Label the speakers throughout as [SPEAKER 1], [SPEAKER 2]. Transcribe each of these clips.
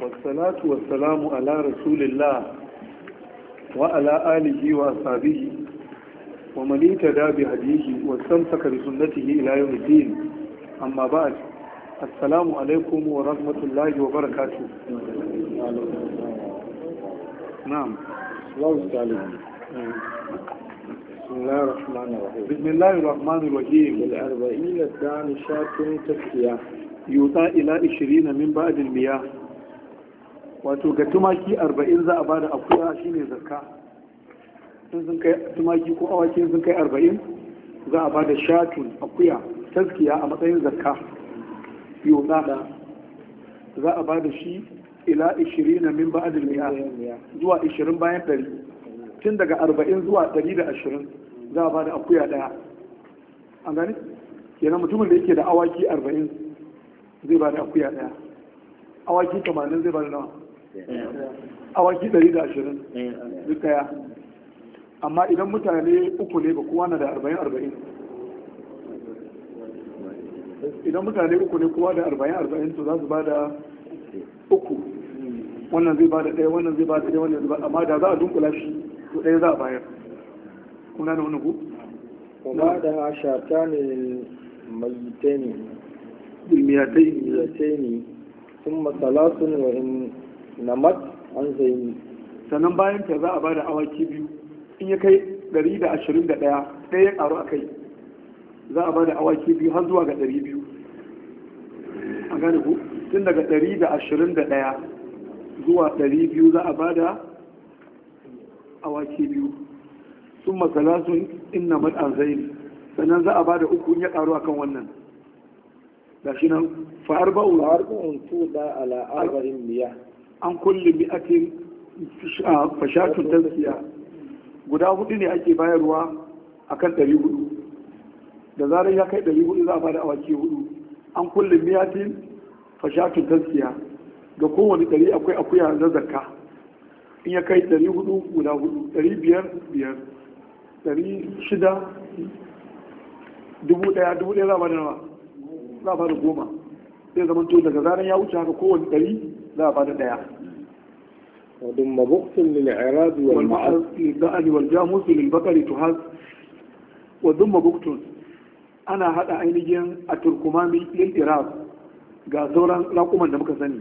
[SPEAKER 1] wasalatu wasalamu ala rasulillah wa ala alihi wa ashabihi wa man ittaba bi hadihi wa istamsaka bi sunnatihi ila yawm din amma assalamu alaikum wa rahmatullahi wa barakatuh na'am Allahu ta'ala بسم الله الرحمن الرحيم بسم الله الرحمن yuta ila 20 min ba'dil miya wato ga tumaki 40 za a bada akuya shine zakka in sun kai tumaki ko awaki sun kai 40 za a bada shatun akuya taskiya a matsayin zakka yuta da za a bada shi ila 20 min ba'dil miya zuwa 20 bayan 100 tun daga 40 zuwa 120 za a bada akuya daya an gani kenan mutumin da yake da awaki 40 zai ba da akuya daya awaki tamanin zai ba da nawa awaki ɗari da ashirin duk daya amma idan mutane uku ne ba kowa na da arba'in arba'in idan mutane uku ne kowa da arba'in arba'in to za su ba da uku wannan zai ba da ɗaya wannan zai ba da ɗaya wannan zai ba amma da za a dunkula shi to ɗaya za a bayar kuna da wani ku? kuma da shata ne mai ne بالمئتين مئتين ثم ثلاث وإن نمت عن زين sannan bayan za a ba awaki biyu in ya kai 121 sai ya ƙaru a kai za a ba awaki biyu har zuwa ga 200 a gane ku tun daga 121 zuwa 200 za a ba awaki biyu sun masalasun inna mat'an zai sannan za a ba da uku ya karu a kan wannan gashi nan fa arba'u arba'un tuda ala arba'in miya an kulli mi'atin ah, fashatun tazkiya guda hudu ne ake bayarwa a kan ɗari hudu da zarar ya kai ɗari hudu za a bada awaki hudu an kulli mi'atin fashatun tazkiya ga kowane ɗari akwai akuya na zakka in ya kai ɗari hudu guda hudu ɗari biyar biyar ɗari shida dubu ɗaya dubu ɗaya za a bada nawa za a bada goma sai zama to daga zaran ya wuce haka kowane ɗari za a bada ɗaya ودم بغض للإعراض والمعرض للدأل والجاموس للبقر تهز ana بغض ainihin هذا أينجين lil للإعراض ga sauran raƙuman da muka sani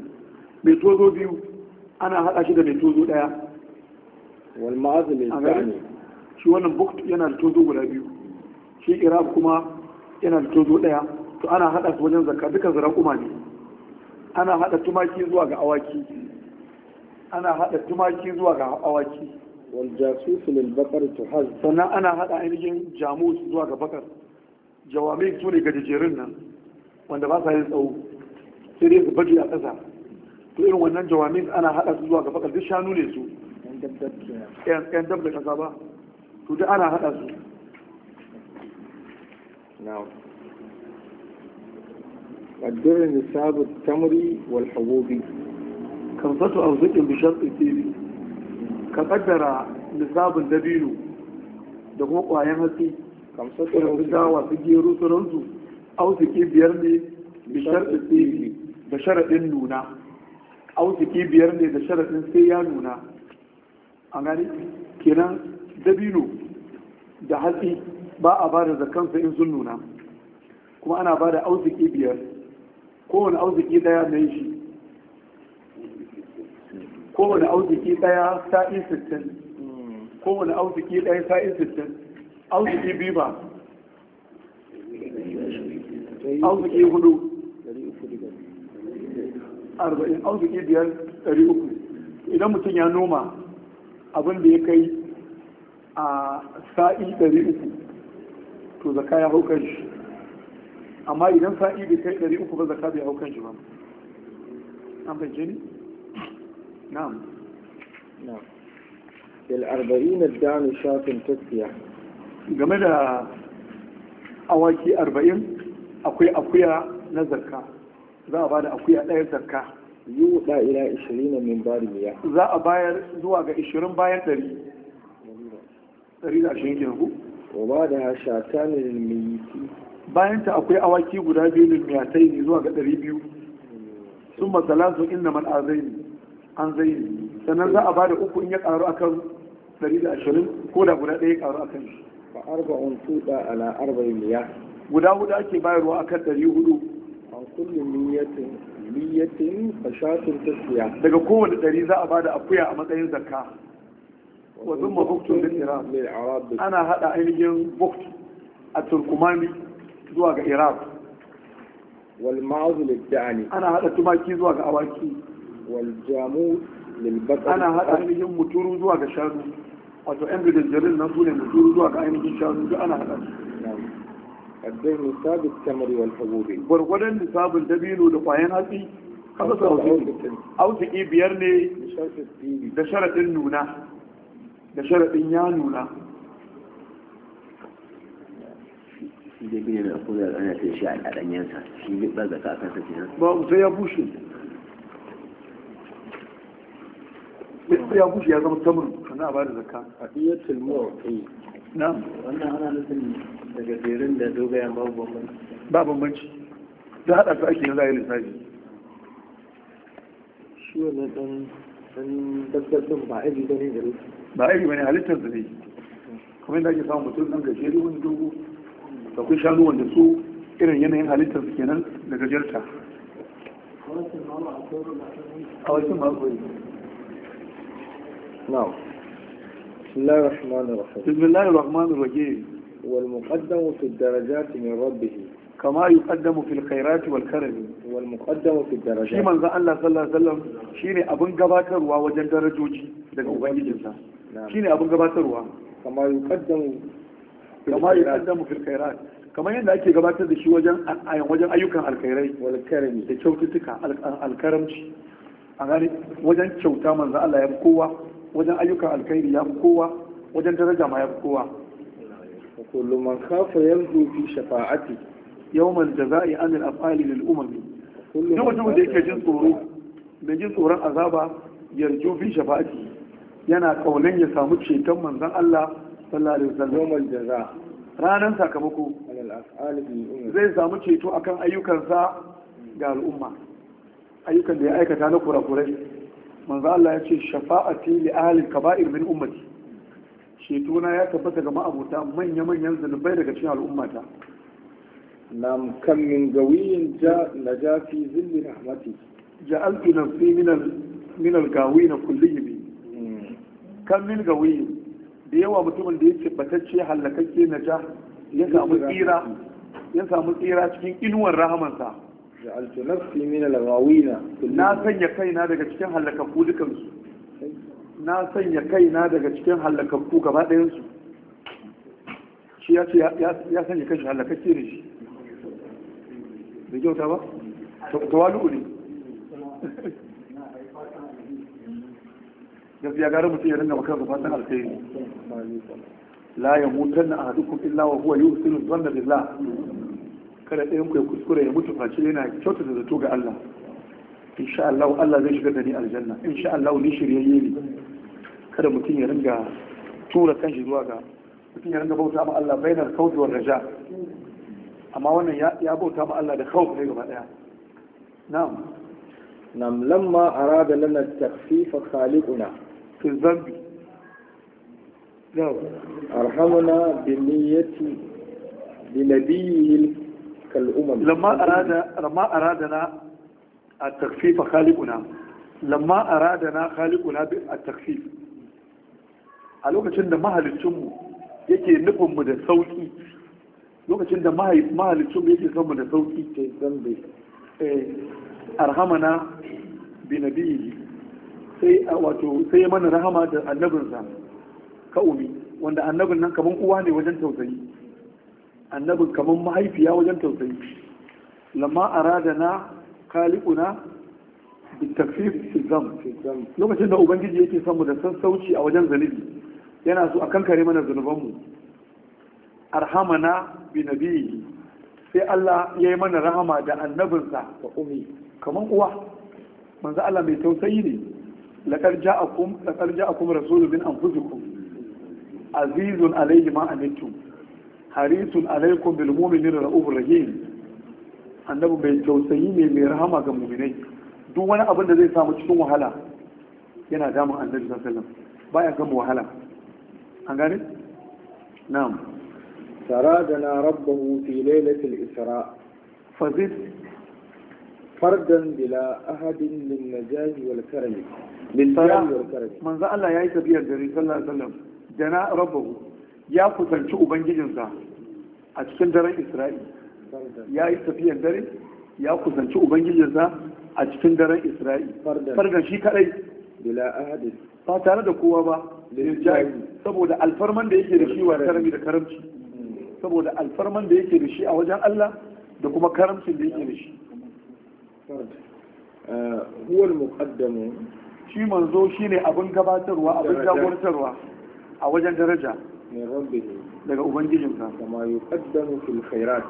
[SPEAKER 1] mai tozo biyu ana haɗa shi da mai tozo ɗaya wal mai ne shi wannan bukt yana da tozo guda biyu shi iraq kuma yana da tozo ɗaya to ana haɗa su wajen zakka duka zaren kuma ne ana haɗa tumaki zuwa ga awaki ana haɗa tumaki zuwa ga awaki wal jasusu lil bakar haz sannan ana haɗa ainihin jamus zuwa ga bakar jawami su ne gajejerin nan wanda ba sa yin tsawo sai dai su baje a ƙasa to irin wannan jawami ana haɗa su zuwa ga bakar duk shanu ne su yan dab da ƙasa ba to duk ana haɗa su الدر نصاب التمر والحبوب كنفة أرزق بشرط التيري كقدر نساب الدبيل دقوا قوايا هاتي كنفة أرزق وفجي روس رنزو أو تكي بيرني بشرط التيري بشرط النونة أو تكي بيرني بشرط السيانونة أغاني كنا دبيلو da hatsi ba a ba da zakansa in sun nuna kuma ana ba da auziki biyar kowane arziki daya na yi shi kowane arziki daya sa'in sittin kowane arziki daya sa'in sittin arziki biyu ba arziki hudu arba'in arziki biyar ɗari uku idan mutum ya noma abin da ya kai a sa'i ɗari uku to zaka ya hau shi amma idan sa'i bai kai ɗari uku ba zaka bai hau kan shi ba an bai jini na'am na'am fil arba'in ad-dan shatin tasfiya game da awaki arba'in akwai akuya na zakka za a bada akuya ɗaya zakka yuɗa ila 20 min bariya za a bayar zuwa ga 20 bayan da 120 kenan ku wa ba da shatani lil bayan ta akwai awaki guda biyu ne miyatai ne zuwa ga ɗari biyu sun matsala sun inna man azaini an zaini sannan za a ba da uku in ya karu akan ɗari da ashirin ko da guda ɗaya karu akan shi Ba arba'un tuɗa ala arba'in miya guda huɗu ake bayarwa akan ɗari huɗu an kullum miyatin miyatin fashatun tasiya daga kowane ɗari za a ba da akuya a matsayin zakka wa zumma buktun da ana haɗa ainihin bukt a turkumani zuwa ga iraq wal ma'azu ana haɗa tumaki zuwa ga awaki wal jamu ana haɗa ainihin muturu zuwa ga shanu wato yan bidanjarin nan sune muturu zuwa ga ainihin shanu duk ana haɗa su addai nisabin tamari wal habubi gwargwadon nisabin dabino da kwayan hatsi kasa sauki biyar ne da sharaɗin nuna da sharaɗin ya nuna shi da gina da kuzar ana sai shi a ɗanyensa shi ya ɓaza kakansa ke nan ba sai ya bushe sai ya bushe ya zama tamun sannan a ba da zakka a iya tilmuwa kai na wannan ana nufin daga berin da dogayen babu bambanci ba bambanci da hada su ake yanzu a yi lissafi shi wannan ɗan ɗan dabbatin ba aiki ba ne da rufi ba aiki ba halittar da ne kuma yadda ake samun mutum ɗan gajeri wani dogo da kun shanu wanda su irin yanayin halittar su kenan da gajarta a wasu magoyi na'am بسم الله الرحمن والمقدم في الدرجات من ربه كما يقدم في الخيرات والكرم والمقدم في الدرجات شي من الله صلى الله عليه وسلم شيني ابن gabatarwa wajen darajoji daga ubangijinsa shine abin gabatarwa kama yuqaddamu kama ya kaddamu fil khairat kamar yadda ake gabatar da shi wajen wajen ayyukan alkhairai wal karami da kyaututtuka alkaramci a gane wajen kyauta manzo Allah ya kowa wajen ayyukan alkhairi ya kowa wajen daraja ma ya kowa kullu man khafa yanzu fi shafa'ati yawmal jazaa'i an al af'ali lil umam kullu mutum da yake jin tsoro da jin tsoron azaba yarju fi shafa'ati yana kaulan ya samu ceton manzon Allah sallallahu alaihi wasallam yawmal jaza ranar sakamako zai samu ceto akan ayyukansa ga al'umma ayyukan da ya aikata na kurakurai manzo Allah ya ce shafa'ati li ahli kaba'ir min ummati ceto na ya tabbata ga ma'abuta manya-manyan zunubai daga cikin al'ummata nam kam min gawiyin ja naja fi zilli rahmati ja'altu nafsi min al min al gawiyin kulliyyi mm. kam min gawiyin da yawa mutumin da yake batacce hallakakke na ja ya samu tsira ya samu tsira cikin inuwar rahamansa ja'altu na sanya kaina daga cikin hallakakku dukansu su na sanya kaina daga cikin hallakakku gaba ɗayan su shi ya ce ya sanya kashi hallakakke ne shi da kyauta ba tawalu ne gaskiya gara mutum ya ringa makarsa fatan alkhairi la ya mutan na ahadukum illa wa huwa yuhsinu dhanna billah kada ɗayan ku ya kuskure ya mutu face yana kyautata zato ga Allah insha Allah Allah zai shigar da ni aljanna insha Allah ni shiryayye ne kada mutum ya dinga tura kanshi zuwa ga mutum ya dinga bauta ma Allah bainar khawfi wal raja amma wannan ya bauta ma Allah da khawf ne gaba daya na'am nam lamma arada lana takfifa khaliquna في الذنب نعم أرحمنا كالأمم لما أراد لما أرادنا التخفيف خالقنا لما أرادنا خالقنا a lokacin da mahalicinmu yake nufinmu da sauki lokacin da mahalicinmu yake da sauki ke zambe eh, arhamana sai wato sai ya mana rahama da annabinsa ka umi wanda annabin nan kaman uwa ne wajen tausayi annabin kaman mahaifiya wajen tausayi lamma aradana khaliquna bitafsir zam lokacin da ubangiji yake son mu da sassauci a wajen zanibi, yana so a kankare mana zunubanmu arhamana bi nabiyyi sai Allah ya yi mana rahama da annabinsa wa umi kaman uwa manzo Allah mai tausayi ne لقد جاءكم لقد جاءكم رسول من انفسكم عزيز عليه ما عنتم حريص عليكم بالمؤمنين رؤوف رحيم annabi mai tausayi ne mai rahama ga muminai duk wani abin da zai samu cikin wahala yana damun annabi sallallahu alaihi baya gama wahala an gane na'am saradana rabbahu fi lailatul isra fazid fardan bila ahadin min najahi wal karami min karami wal karami manzo Allah yayi tafiyar gari sallallahu alaihi wasallam jana rabbahu ya kusanci ubangijinsa a cikin daren Isra'i ya yi tafiyar dare ya kusanci ubangijinsa a cikin daren Isra'i fardan shi kadai bila ahadin ba tare da kowa ba saboda alfarman da yake da shi wa karami da karamci saboda alfarman da yake da shi a wajen Allah da kuma karamcin da yake da shi huwa al-muqaddamu shi manzo shine abun gabatarwa abun jagorantarwa a wajen daraja daga ubangijinka kama yuqaddamu fil khairat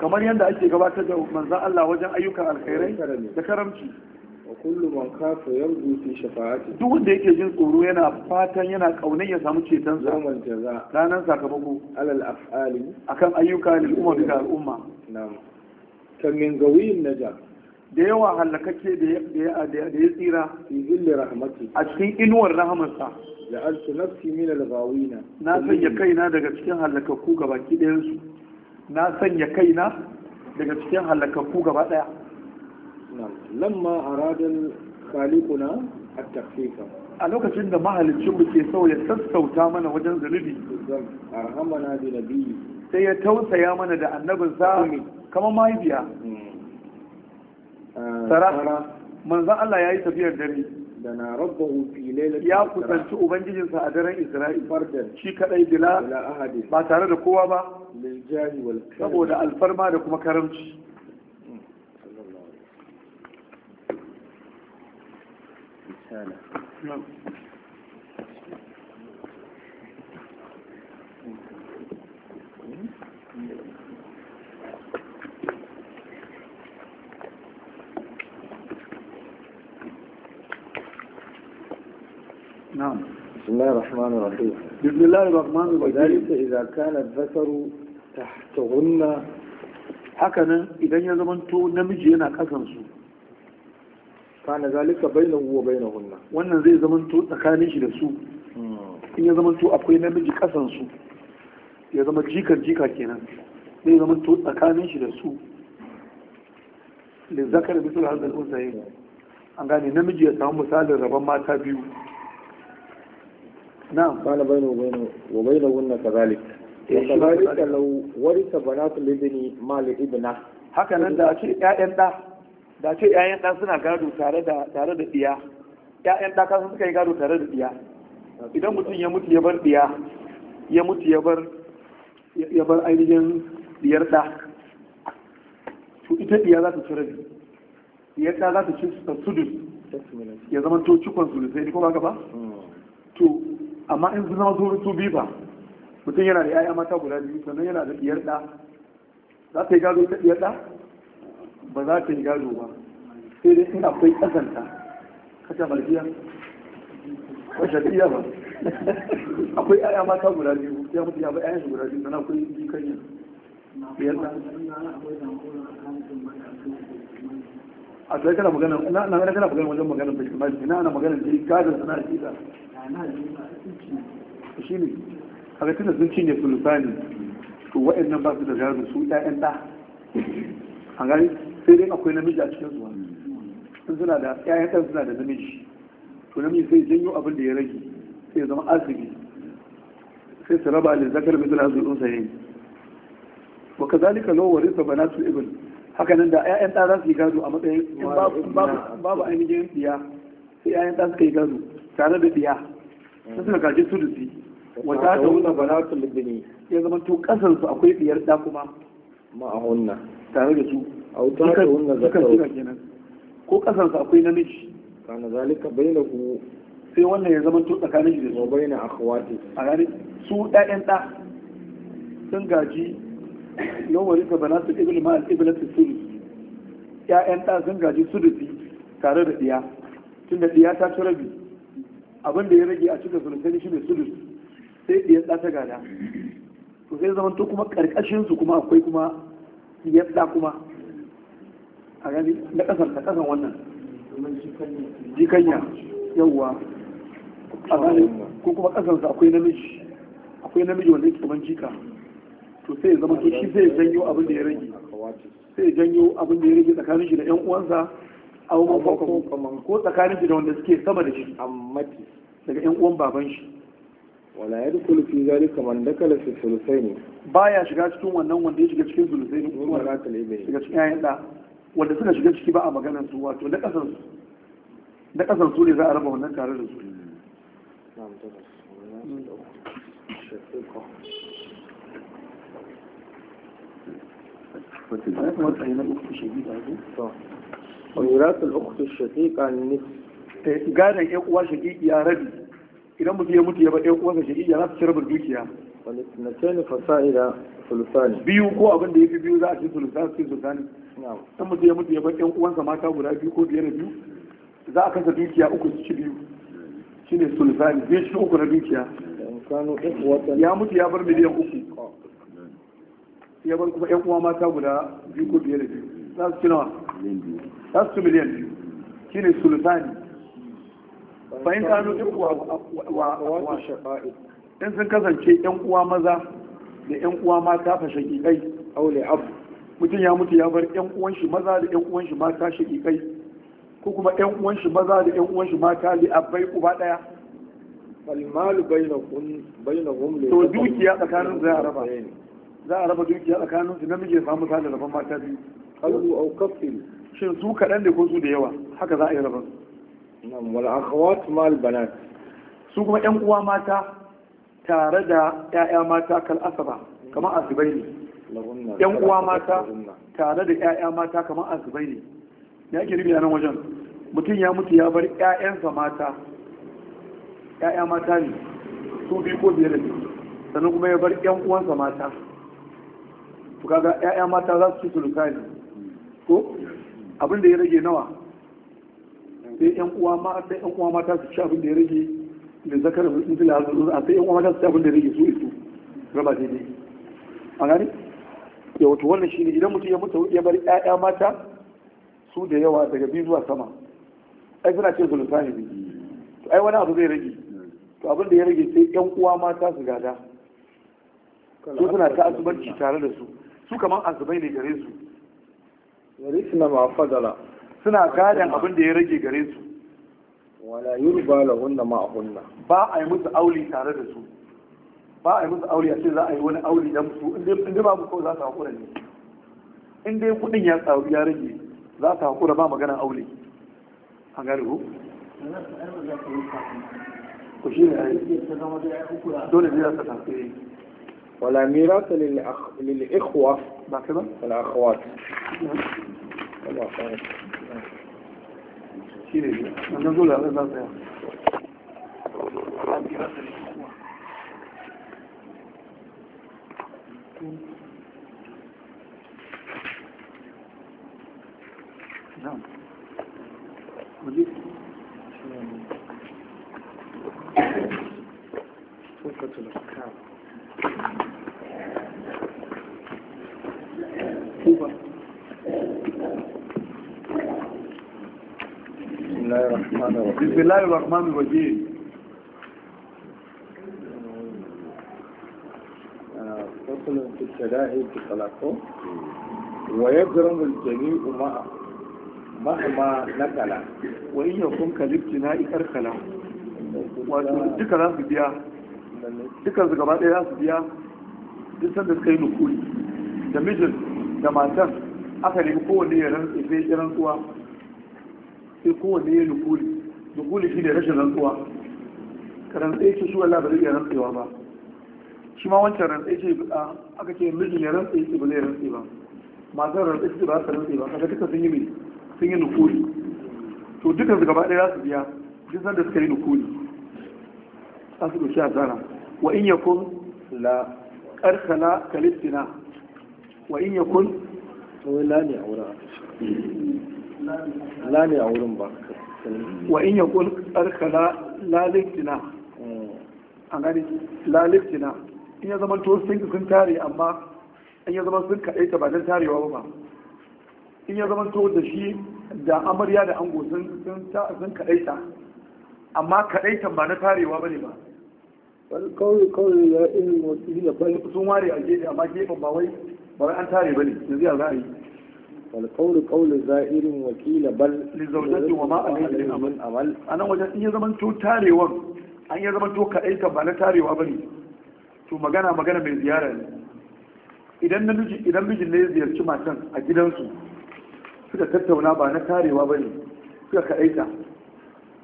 [SPEAKER 1] kamar yanda ake gabatar da manzo Allah wajen ayyukan alkhairai da karamci wa kullu man kafa yarju fi shafa'ati duk wanda yake jin tsoro yana fatan yana kaunar ya samu ceton sa zaman jaza ranan sakamako alal af'ali akan ayyuka lil umma al'umma na'am kan gawiyin naja da yawa halakake da ya tsira fi zilli rahmati a cikin inuwar rahamarsa da altu nafsi min al-ghawina na sanya kaina daga cikin halakakku gaba ɗayan su na sanya kaina daga cikin halakakku gaba ɗaya lamma aradal khaliquna at-takhfifa a lokacin da mahalicci mu ke so ya sassauta mana wajen zunubi arhamana bi nabiyyi sai ya tausaya mana da annabinsa kamar mahaifiya mm. tara manzon Allah ya yi tafiyar dare da na ya kusanci ubangijinsa a daren Isra'il shi kadai bila ba tare da kowa ba saboda alfarma da kuma karamci الله الرحمن الرحيم بسم الله الرحمن الرحيم وذلك إذا كان الذكر تحت غنى حكنا إذا يزمنت نمجي أنا كسنسو كان ذلك بينه وبينهن وانا زي زمنت تكانيش لسو إن يزمنت أبقي نمجي كسنسو يزمن جيكا جيكا كينا zai zama to tsakanin للذكر da su lizzakar هنا hazal unsayin an gane namiji ya samu misalin na'am kana bainu bainu wa bainu gunna kazalik
[SPEAKER 2] kazalika
[SPEAKER 1] law warisa banatu libni mal ibna haka nan da da da ce ƴaƴan da suna gado tare da tare da kasan suka gado tare da diya idan mutum ya mutu ya bar diya ya mutu ya bar ainihin diyar da to ita diya za ta ci rabi diyar za ta ci sudus ya zama to cikon sulusai ne ko ba ka ba to amma in zama zama su biyu ba mutum yana da 'ya'ya mata guda biyu sannan yana da ɗiyar ɗa za ta yi gado ta ɗiyar ɗa ba za ta yi gado ba sai dai in akwai ƙasanta kasha malfiya ba shafiya ba akwai 'ya'ya mata guda biyu ya mutu ya ba 'ya'yansu guda biyu sannan akwai jikanya ɗiyar ɗa a sai kana magana na na kana magana wajen magana da kuma ina ana magana da gadin sana akida shine kaga tunda sun cinye sulusani to wa'annan ba su da gado su ƴaƴan da a gani sai dai akwai namiji a cikin zuwa sun suna da ƴaƴan ɗan suna da namiji to namiji sai janyo abin da ya rage sai ya zama arziki sai su raba da zakar mutum a zuwa ɗinsa yayi wa kazalika lawa warisa banatu ibn hakanan da 'ya'yan ɗa za su yi gado a matsayin babu ainihin diya sai 'ya'yan ɗa suka yi gado tare da biya su suna gaji su da su wata ta wuna tun lubini ya zama to kasan su akwai biyar ɗa kuma ma'ahunna tare da su a wuta ta wuna zakaru ko kasan su akwai namiji kana zalika ku sai wannan ya zama to tsakanin shi da su baina akhwati a ranar su ɗayan ɗa sun gaji yau wani ka bana su ibn ma al-ibn tisuli ƴaƴan ɗa sun gaji sudufi tare da ɗiya tun da ɗiya ta ci rabi abin da ya rage a cikin sulusani shi ne sudus sai ɗiyar ɗa ta gada to sai zaman to kuma ƙarƙashin su kuma akwai kuma ɗiyar ɗa kuma a gani na ƙasar na ƙasar wannan jikanya yawwa a ko kuma su akwai namiji akwai namiji wanda yake kaman jika to sai ya zama to shi zai janyo abin da ya rage sai janyo abin da ya rage tsakanin shi da yan uwansa a wani bakon ko tsakanin shi da wanda suke sama da shi daga yan uwan baban shi wala ya shiga cikin wannan wanda ya shiga cikin shiga cikin yayin da wanda suna shiga ciki ba a maganar su wato da kasar su ne za a raba wannan tare da su hmm. gadan ƴan uwa shaqiqiya rabi idan mutum ya mutu ya ba ƴan uwansa shaqiqiya za su ci rabin dukiya biyu ko abin da yafi biyu za a ci sulusani ci sulusani ya mutu ya ba ƴan uwansa mata guda biyu za su ci biyu shine ci uku dukiya ya mutu ya bar miliyan uku ya bar kuma yan uwa mata guda biyu ko biyar da biyu za su ci nawa za su ci miliyan biyu shi ne sultani hannu kanu uwa wa wa in sun kasance yan uwa maza da yan uwa mata fa shaqiqai aure abu mutum ya mutu ya bar yan uwan shi maza da yan uwan shi mata shaƙiƙai ko kuma yan uwan shi maza da yan uwan shi mata li abai uba daya fal bainahum bainahum to dukiya tsakanin zai raba. za a raba dukiya tsakanin su namiji ya samu sa da rabon mata biyu qalu au kafin shin su kaɗan ne ko su da yawa haka za a yi rabon nan wala akhawat mal banat su kuma ƴan uwa mata tare da ƴaƴa mata kal asaba kamar asibai ne ƴan uwa mata tare da ƴaƴa mata kamar asibai ne ya ke rubi a nan wajen mutum ya mutu ya bar ƴaƴansa mata ƴaƴa mata ne su biyu ko biyar da sannan kuma ya bar ƴan uwansa mata to kaga ƴaƴa mata za su ci sulukani ko abin da ya rage nawa sai ƴan uwa ma sai ƴan uwa mata su ci abin da ya rage da zakar mutum da hazu a sai ƴan uwa mata su ci abin da ya rage su isu raba daidai a gani ya wato wannan shine idan mutum ya mutu ya bar ƴaƴa mata su da yawa daga biyu zuwa sama ai suna ce sulukani ne to ai wani abu zai rage to abin da ya rage sai ƴan uwa mata su gada su suna ta asubanci tare da su su kamar azubai ne gare su Su na mafadala suna gadon abin da ya rage gare su wala la lahunna ma hunna ba a yi musu auli tare da su ba a yi musu auli a ce za a yi wani auli dan su in dai babu kawai za su hakura ne in dai kudin ya tsawo ya rage za su hakura ba magana auli an gane ku
[SPEAKER 2] ku shi ne
[SPEAKER 1] dole ne za su tafi ولا ميراث للأخ... للإخوة كده الأخوات نقول هذا نعم billahi rahmanir rahim فصل في الشدائد طلاقه ويجرم na kala. مهما نكلا kalifci na كالابتناء kala. wato duka za su biya duka su gaba ɗaya za su biya duk sanda suka yi nukuri da mijin da matan aka nemi kowanne ya rantsi sai ya sai kowanne ya nukuri dukuli shi ne rashin rantsuwa ka rantsai ce shi wallah ba zai iya rantsewa ba shi ma wancan rantsai ce aka ce mijin ya rantsai ce ba zai rantse ba masu rantsai ce ba su rantse ba kaga duka sun yi mai sun yi dukuli to duka su gaba ɗaya za su biya duk sanda suka yi dukuli za su ɗauki asara wa in yakun la karkala kalistina wa in yakun wai la ne a wurin a wurin ba wa in yaqul ƙarka la liftina an gani la liftina in ya zama to sun sun tare amma in ya zama sun kaɗai ta ba don tarewa ba in ya zama to da shi da amarya da ango sun sun kaɗai ta amma kaɗai ta ba na tarewa ba ne ba kawai kawai ya irin wasu sun ware a gefe amma gefen ba wai ba an tare ba ne yanzu ya za a yi والقول قول زائر وكيل بل لزوجته وما عليه من عمل انا وجد ان يزمن تو تاريوا an ya zama to kaɗai ka ba na tarewa ba ne to magana magana mai ziyara ne idan mijin ne ya ziyarci matan a gidansu suka tattauna ba na tarewa ba ne suka kaɗai ta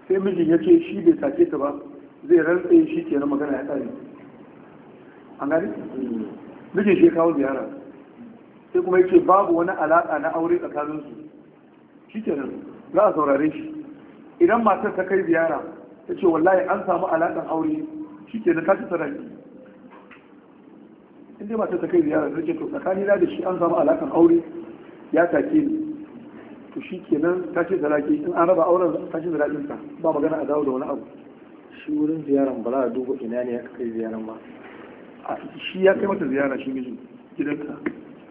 [SPEAKER 1] sai mijin ya ce shi bai sake ta ba zai rantse shi kenan magana ya tsare an gani mijin shi ya kawo ziyara sai kuma yake babu wani alaƙa na aure tsakanin su shikenan za a saurare shi idan matar ta kai ziyara ta ce wallahi an samu alaƙan aure shikenan ta ci sarari inda matar ta kai ziyara ta ce to tsakani da shi an samu alaƙan aure ya take ni to shikenan ta ce sarari in an raba auren ta ce sararin ta ba magana a dawo da wani abu shi wurin ziyaran ba za a duba ina ne ya kai ziyaran ba shi ya kai mata ziyara shi mijin gidanka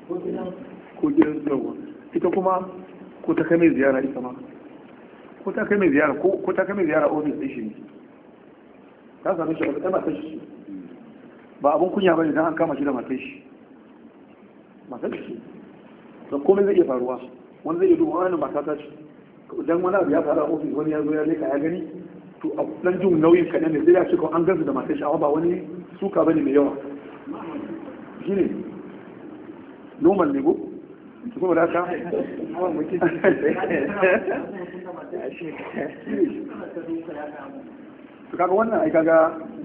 [SPEAKER 1] ko gidan yawa ita kuma ko ta kame ziyara ita ma ko ta kame ziyara ko ta ziyara ofis din shi ne ta sami shi ba ta matan shi ba abun kunya ba dan an kama shi da matan shi matan shi don komai zai iya faruwa wani zai iya duba wani ba ta ce idan wani abu ya faru a ofis wani ya zo ya leka ya gani to a dan jin nauyin kadan ne sai ya ce ko an gansu da matan shi amma ba wani suka bane mai yawa shine Noman ne ko kuma da haka to kaga wannan ai kaga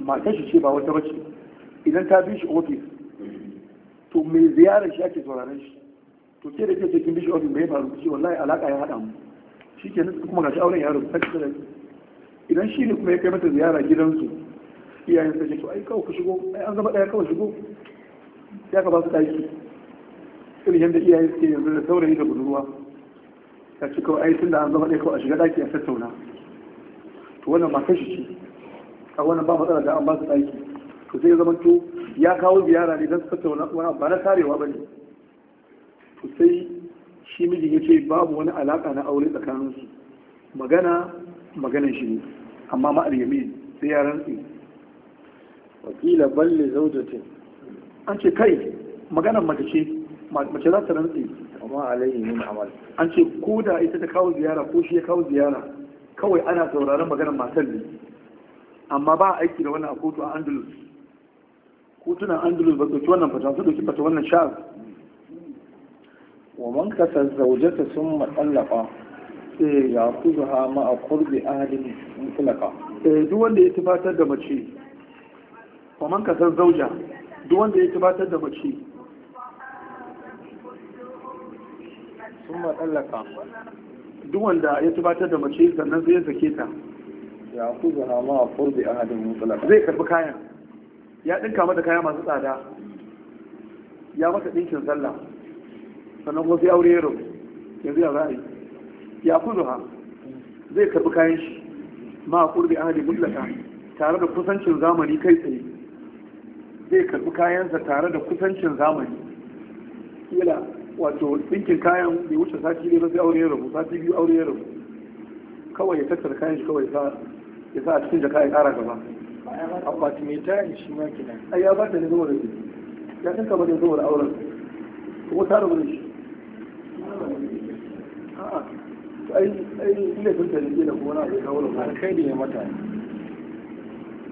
[SPEAKER 1] matar shi ce ba wata bace idan ta bi shi ofis to me ziyarar shi ake sauraron shi to ke da ke cikin bi shi ofis me ya faru shi wallahi alaka ya hada mu shi ke nan kuma shi auren yaro ta da idan shi ne kuma ya kai mata ziyara gidansu iyayen sai to ai kawai ku shigo ai an zama daya kawai shigo ya ka ba su daki irin yadda iyaye suke yanzu da saurayi da budurwa ta ci kawai sun tun da an zama ɗaya kawai a shiga ɗaki a tattauna to wannan ma kashi ce a wannan ba matsala da an ba su ɗaki to sai ya zama to ya kawo ziyara ne don su tattauna wani ba na tarewa ba ne to sai shi miji ya ce babu wani alaƙa na aure tsakaninsu magana maganan shi ne amma ma yamin sai ya rantsi wakila balle zaujatin an ce kai maganan mace ce mace za ta rantse amma alaihi min amal an ce ko da ita ta kawo ziyara ko shi ya kawo ziyara kawai ana sauraron maganar matar ne amma ba aiki da wannan a kotu a andalus kotunan andalus ba su ci wannan fata su ɗauki fata wannan sha'ar wa man kasa zaujata sun matsalafa sai eh, ya kuzu ha ma a kurbi ahalin mutlaka eh, duk wanda ya tabbatar da mace wa man kasa zauja duk wanda ya tabbatar da mace sun matsalaka duk wanda ya tubatar da mace sannan zai zake ta ya kuzu na ma a furbi a hadin mutsalaka zai karbi kayan ya ɗinka mata kaya masu tsada ya mata ɗinkin sallah sannan kuma sai aure ya yanzu ya za'a yi ya kuzu ha zai karbi kayan shi ma a furbi a hadin mutsalaka tare da kusancin zamani kai tsaye zai karbi kayansa tare da kusancin zamani kila wato ɗinkin kayan bai wuce sati ne ba sai aure ya rabu sati biyu aure ya rabu kawai ya tattara kayan shi kawai ya sa a cikin jaka ya ƙara gaba akwati mai tayan shi ma kina ai ya ba ta ne saboda shi ya san kamar ya saboda auren kuma ta rabu da shi a'a ai ai ina sun ta ne da kuma na da kawo da kai ne mata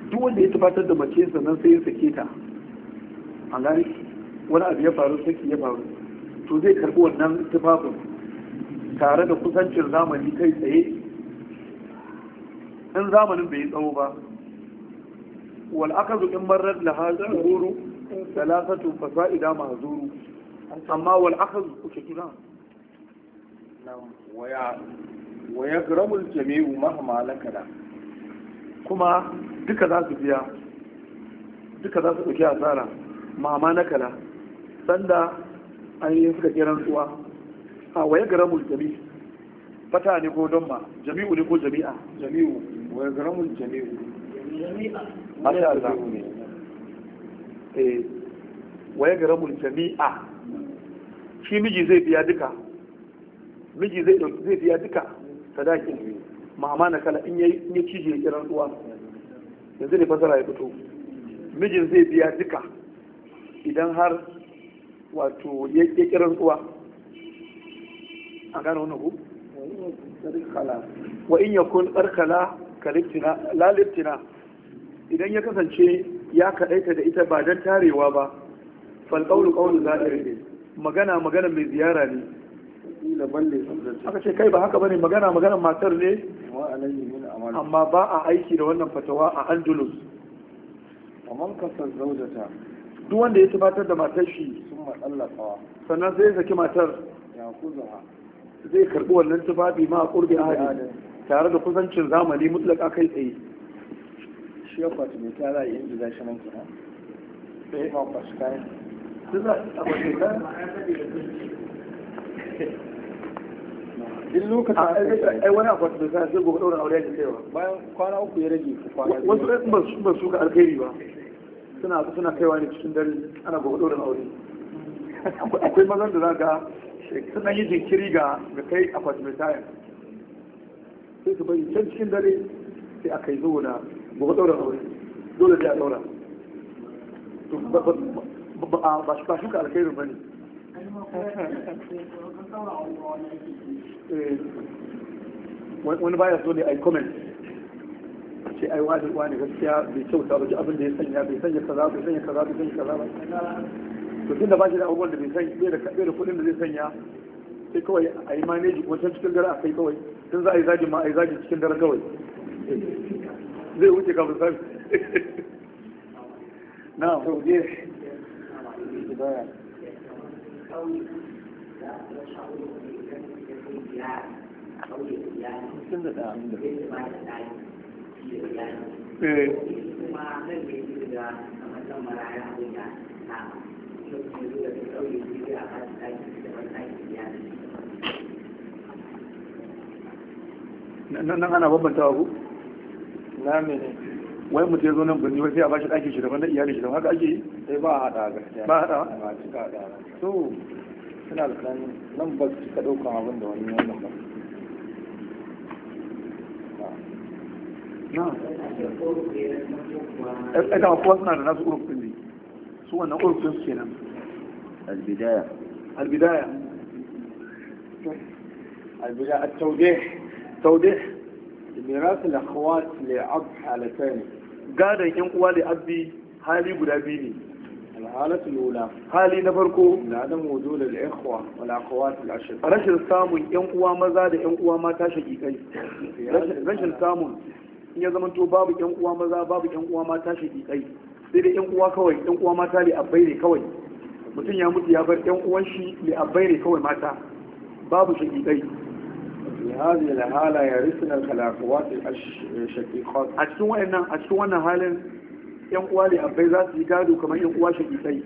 [SPEAKER 1] duk wanda ya tabbatar da mace sannan sai ya sake ta a gani wani abu ya faru saki ya faru to zai karɓi wannan tufafin tare da kusancin zamani kai tsaye in zamanin bai yi tsawo ba wal aka zuƙin marar lahazin zuru da lasatu fasa'ida mazuru amma wal aka zuƙi tuna Waya ya gramul jami'u mahama lakada kuma duka za su biya duka za su ɗauki asara na nakala sanda ainihin suka ƙi rantsuwa a waye garamul jami fata ne ko don ma jami'u ne ko jami'a jami'u waye garamul jami'u masha Allah eh waye garamul jami'a shi miji zai biya duka miji zai zai biya duka sadakin ma'ama na kala in ya cije ya kiran uwa yanzu ne fasara ya fito mijin zai biya duka idan har wato ya kiran tsuwa a gano wani hu? wa in yakun tsarkala laliftina idan ya kasance ya kaɗaita da ita ba don tarewa ba falƙaunu ƙaunin za'iri ne magana magana mai ziyara ne aka ce kai ba haka bane magana magana matar ne amma ba a aiki da wannan fatawa a andalus duk wanda ya tabbatar da matar shi sannan sai zaki matar zai karɓi wannan tufafi ma a ƙurbin hadi tare da kusancin zamani mutlaka kai tsaye shi ya kwaci mai tara a yin jiza shi nan kuna sai ma kwaci kayan duk lokacin ai wani mai zai gobe ɗaurin aure ya kaiwa bayan kwana uku ya rage kwana wasu ba su ka alkhairi ba suna kaiwa ne cikin dare ana gobe ɗaurin aure akwai mazan da za ga suna yi jinkiri ga kai a fasmitayen sai su bari can cikin dare sai aka yi zuwa na, gobe ɗaura aure dole da ya ɗaura ba shuka alkairu ba ne eh, wani baya zo ne a yi comment ce ai wani wani gaskiya bai kyauta ba ji abin da ya sanya bai sanya kaza bai sanya kaza bai sanya kaza ba to tun da ba shi da abubuwan da bai san bai da bai da kuɗin da zai sanya sai kawai a yi maneji kuma can cikin dare a kai kawai tun za a yi ma a yi zagi cikin dare kawai zai wuce kafin sami na Eh. nan ana babbanta abu? na mene wai mutum ya zo nan birni sai a bashi ɗakin shi daban na iyali shi daban haka ake yi? sai eh, ba a haɗa a gaskiya ba a haɗa ba a cika haɗa so suna da ɗan nan ba su cika ɗaukan abin da wani wannan ba na ɗan kuwa suna da nasu urufin ne su wannan ƙorfin suke nan albidaya albidaya albidaya taude taude mirasu da kawo le'ab ne gadon hali guda biyu ne hali na farko na adam wajo da le'ekwa wala rashin samun yan kuwa maza da yan kuwa mata shaƙi kai rashin samun in ya zama to babu yan kuwa maza babu yan kuwa mata shaƙi kai sai da yan uwa kawai yan uwa mata li abbai ne kawai mutum ya mutu ya bar yan uwan shi li abbai ne kawai mata babu shaqiqai fi hadhihi al-hala ya al-khalaqat al-shaqiqat a cikin wannan a cikin wannan halin yan uwa li abbai za su yi gado kamar yan uwa shaqiqai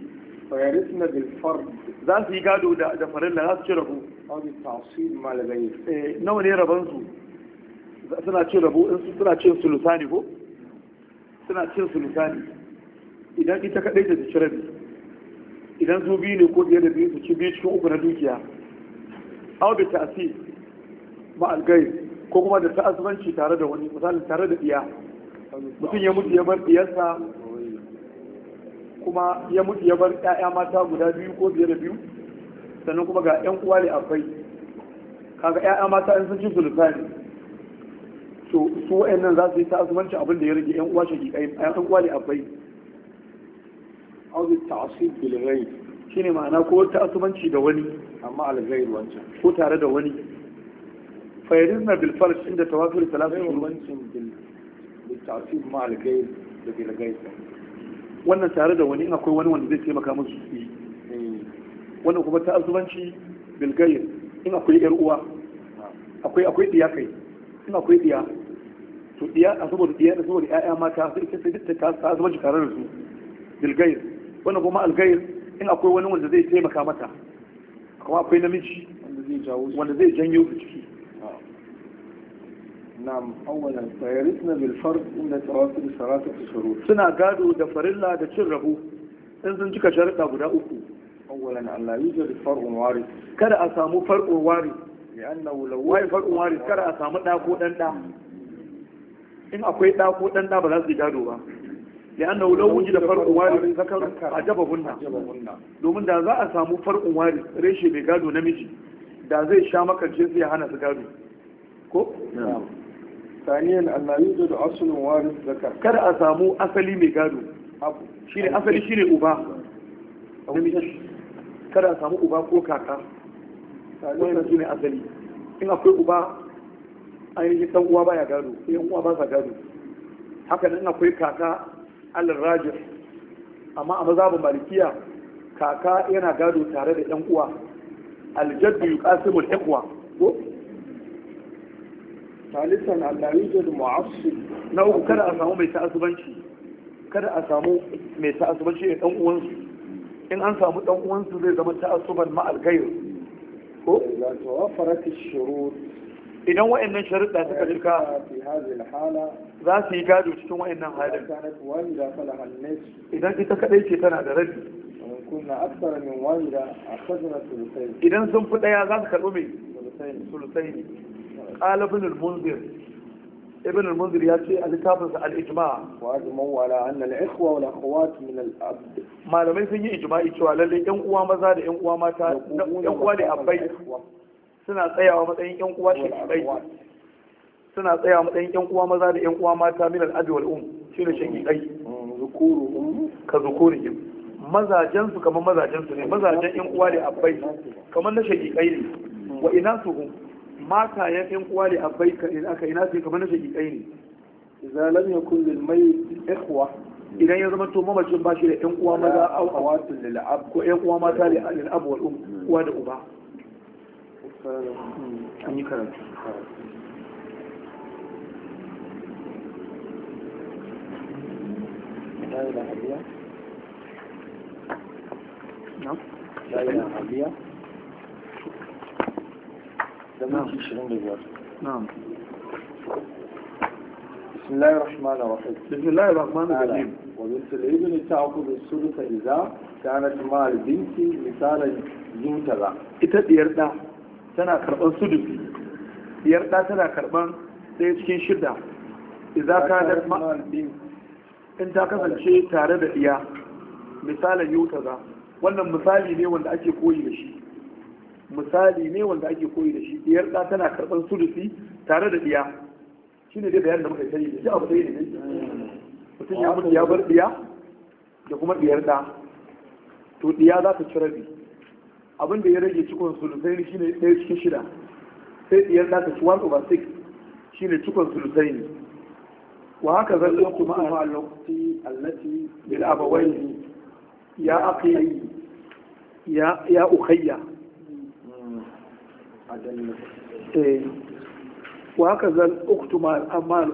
[SPEAKER 1] fa yarisna bil fard za su yi gado da da farilla za su ci rabo aw bi mal ghayr eh nawa ne raban su suna cin rabo in suna cin sulusani ko suna cin sulusani idan ita kadai da ci rabi idan su biyu ne ko biyar da biyu su ci biyu cikin uku na dukiya aw bi ta'si ma algai ko kuma da ta'azzubanci tare da wani misali tare da iya mutum ya mutu ya bar iyarsa kuma ya mutu ya bar ƴaƴa mata guda biyu ko biyar da biyu sannan kuma ga ƴan uwa ne akwai kaga ƴaƴa mata an san ci zulufa ne to su wa'annan za su yi ta'azzubanci abin da ya rage ƴan uwa shagiƙai ƴan uwa ne akwai أعوذ التعصيب بالغير شيني معنى قولت أتمنشي دواني أما على غير وانشا قولت أرى دواني فيرزنا بالفرش عند تواكل ثلاثة غير وانشا بال... بالتعصيب مع الغير لكي لغير وانا تارى دواني إنا قوي وانا ونزيت كما كان مزوز فيه وانا قولت أتمنشي بالغير إنا قوي إرؤوا أقوي أقوي إياكي إنا قوي إياكي to iya asubu da iya da zuwa da ƴaƴa mata sai sai duk ta ta zama jikarar su bilgayr wannan kuma alkhair in akwai wani wanda zai taimaka mata kuma akwai namiji wanda zai janyo ku ciki na'am awwalan fayarisna bil fard inda tawasul salatatu shurut suna gado da farilla da cin rabo in sun cika sharuɗa guda uku awwalan Allah yujadu far'un waris kada a samu far'un wari li'annahu law wai far'un waris kada a samu ɗa ko ɗan ɗa in akwai ɗa ko ɗan ɗa ba za su gado ba لأنه لو وجد فرق وارث ذكر أجبهن domin da za a samu farkon wari reshe mai gado namiji da zai sha makarce sai gado ko saniyan Allah yuzu da asulun waris zakar kada a samu asali mai gado shine asali shine uba kada a samu uba ko kaka wannan shine asali in akwai uba ainihin dan uwa baya gado yan uwa gado haka nan akwai kaka al rajir, amma a mazabin malikiya kaka yana gado tare da yan uwa al-jaddu yuqasimul iqwa ko salisan allawi jaddu mu'assib na uku kada a samu mai ta'assubanci kada a samu mai ta'assubanci da dan uwansu in an samu dan uwansu zai zama ta'assuban ma al-ghayr ko la tawafarat ash-shurut idan wa'annan sharuɗa suka cika za su yi gado cikin wa'annan halin idan ita kaɗai ce tana da rabi idan sun fi ɗaya za su karɓi mai sulusai ne ƙalibin munzir ya ce a littafinsa al malamai sun yi ijma'i cewa lalle yan uwa maza yan uwa abai suna tsayawa matsayin yan uwa shakikai suna tsayawa matsayin yan uwa maza da yan uwa mata min al'adu wal um, shi ne shakikai mm, zukuru ka yin. mazajen su kamar mazajen su ne mazajen yan uwa da abbai kamar na shakikai ne wa ina su mata ya yan uwa da abbai ka ina ka ina su kamar na shakikai ne idan lam yakun lil mai ikhwa idan ya zama to mamacin ba shi da yan uwa maza au awatin lil ab ko yan uwa mata lil ab wal um uwa da uba an yi karatu لا إله إلا نعم لا إله إلا نعم نعم بسم الله الرحمن الرحيم بسم الله الرحمن الرحيم وبنت الابن تأخذ الثلث إذا كانت مع البنت مثال يمتلى إتدير ده tana karban sudu biyar da tana karban ɗaya cikin shida idza kanat ma'al in ta kasance tare da iya misalin yau za wannan misali ne wanda ake koyi da shi misali ne wanda ake koyi da shi diyar da tana karban sulusi tare da diya Shi dai bayan da muka sani da shi abu yi ne mutum ya mutu ya bar diya da kuma diyar da to diya za ta ci rabi abin da ya rage cikon sulusai ne shine ɗaya cikin shida sai ɗiyar da ta ci over six shine cikon sulusai ne wa haka zan a ma'a lokaci allati bil abawai ya aka ya ya ukayya eh. wa haka zan uktu ma al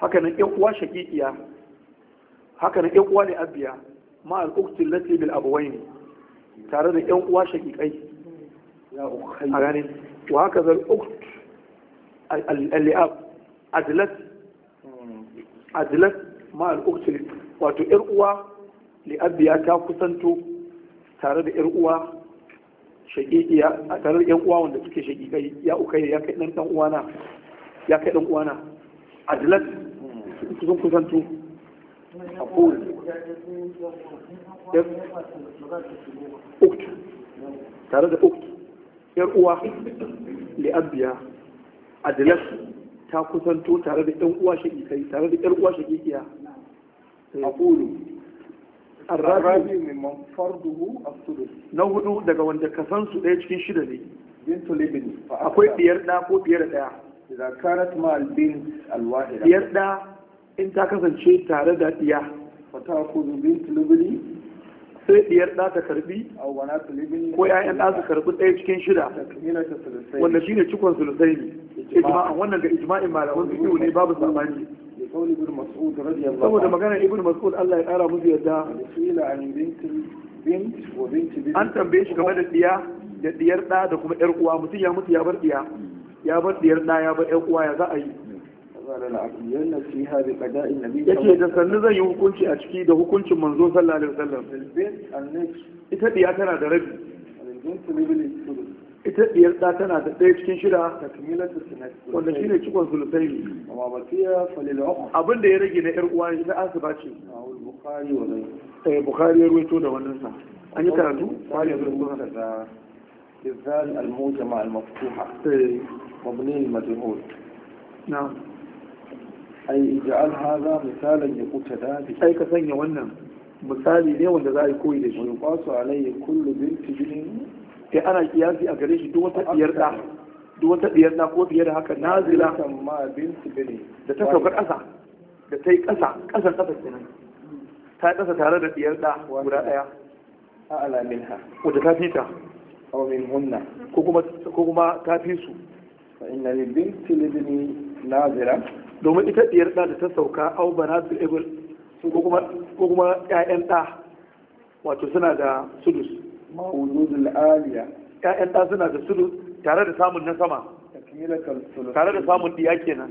[SPEAKER 1] haka nan ƴan uwa shaƙiƙiya haka nan ƴan uwa ne abiya ma al lati bil bil ne tare da yan uwa shakikai a gane wa haka zal ukt al-li'ab adlat adlat ma al-ukt wato yar uwa li'abiya ta kusanto tare da yar uwa iya. a tare da yan uwa wanda suke shakikai ya ukai ya kai dan uwana ya kai dan uwana adlat sun kusanto أقول أكت ترى ده أكت يرؤوا لأبيا أدلس تاكسنتو ترى ده أنقوا شيئي ترى ده أنقوا شيئي أقول الرابع من فرضه السدس نوهدو دقا وانده كسنسو ده يجكين شده لي بنت لبن أقول بيرنا أقول بيرنا إذا كانت مع البنت الواحدة بيرنا in ta kasance tare da diya wata ku zubin tulubuli sai diyar da ta karbi ko ya'yan da su karbi ɗaya cikin shida wanda shi ne cikon sulusai ne ijma'an wannan ga ijma'in malaman su ne babu sabani saboda magana ibn mas'ud Allah ya kara musu yadda an tambaye shi game da diya da diyar da da kuma yar uwa mutum ya mutu ya bar diya ya bar diyar da ya bar yar uwa ya za a yi Yake da sannu zan yi hukunci a ciki da hukuncin manzo sallallahu alaihi wasallam ita diya tana da rabi ita diyar ta tana da ɗaya cikin shida wanda shi ne cikon sulusai ne abin da ya rage na yar uwa ita asiba ce bukari ya ruwaito da wannan sa an yi karatu wani da الزال الموجمة المفتوحة مبني المجهول نعم ai ij'al haza misalan ya kuta dadi ai ka sanya wannan misali ne wanda za a yi koyi da shi wani kwaso alayya kullu binti binin ke ana kiyasi a gare shi duk wata biyar da duk wata biyar da ko biyar da haka nazila amma binti binin da ta sauka ƙasa da ta yi ƙasa ƙasan ƙasa kenan ta yi ƙasa tare da biyar da guda ɗaya a'ala minha wanda ta fita aw min hunna ko kuma ko kuma ta fi su fa inna lil binti libni nazira domin ita diyar da ta sauka au banatul ibl ko kuma ko kuma ƴaƴan da wato suna da sudus mawludul aliya ƴaƴan da suna da sudus tare da samun na sama tare da samun diya kenan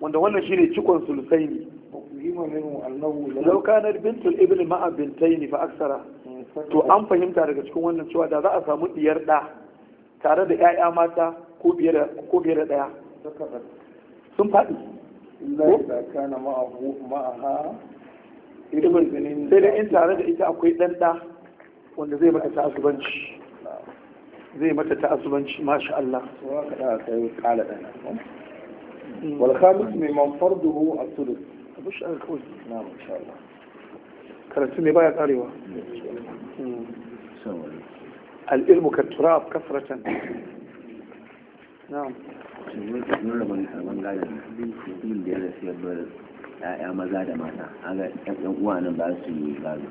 [SPEAKER 1] wanda wannan shine cikon sulusai ne lau kanar bintul ibn ma'a bintai ne fa aksara mm, to an fahimta daga cikin wannan cewa da za a samu diyar da tare da 'ya'ya mata ko biyar da ɗaya sun faɗi Eh, sai da in tare da ita akwai ɗan ɗa wanda zai mata ta'asubanci zai mata masha Allah والخامس ممن فرضه الثلث نعم ان شاء الله كانت سنة باية قريبة كالتراب كثرة نعم mun rabon rabon gadon mutumin da ya rasu ya bar ya'ya maza da mata ga yan uwa nan ba su yi gado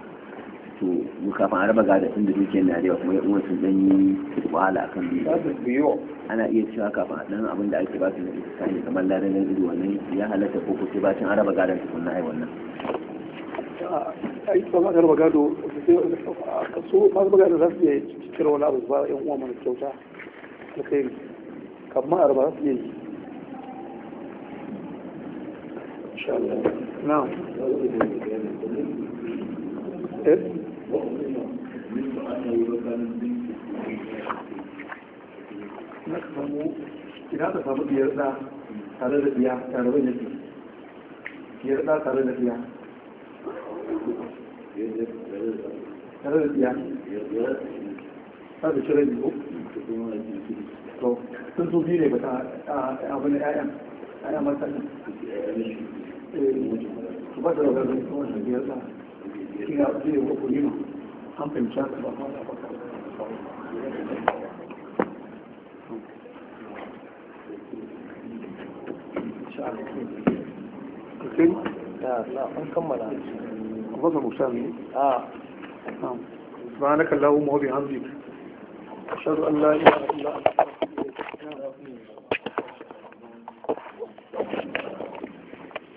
[SPEAKER 1] to mu kafin araba raba gado tun da dukiyar na da kuma yan sun dan yi wahala akan biyu ana iya cewa kafin dan abin da ake ba su na ne kamar ladan nan ido wannan ya halatta ko kuce ba cin araba gadon tukun na ai wannan ai ba za ka gado kaso ba za ka za su iya cire wani abu ba yan uwa mana kyauta alkhairi kamar arba su yi eh? na idan ka samu biyar da tare da biya tare da yake biyar da tare da biya tare da biya da yi to sun ne ba ta abin da ana eh, mata ne su ba da su biyar da zai an fahimci ba Na, na, an Kuma ga Musa ne? أشهد أن لا إله إلا أنت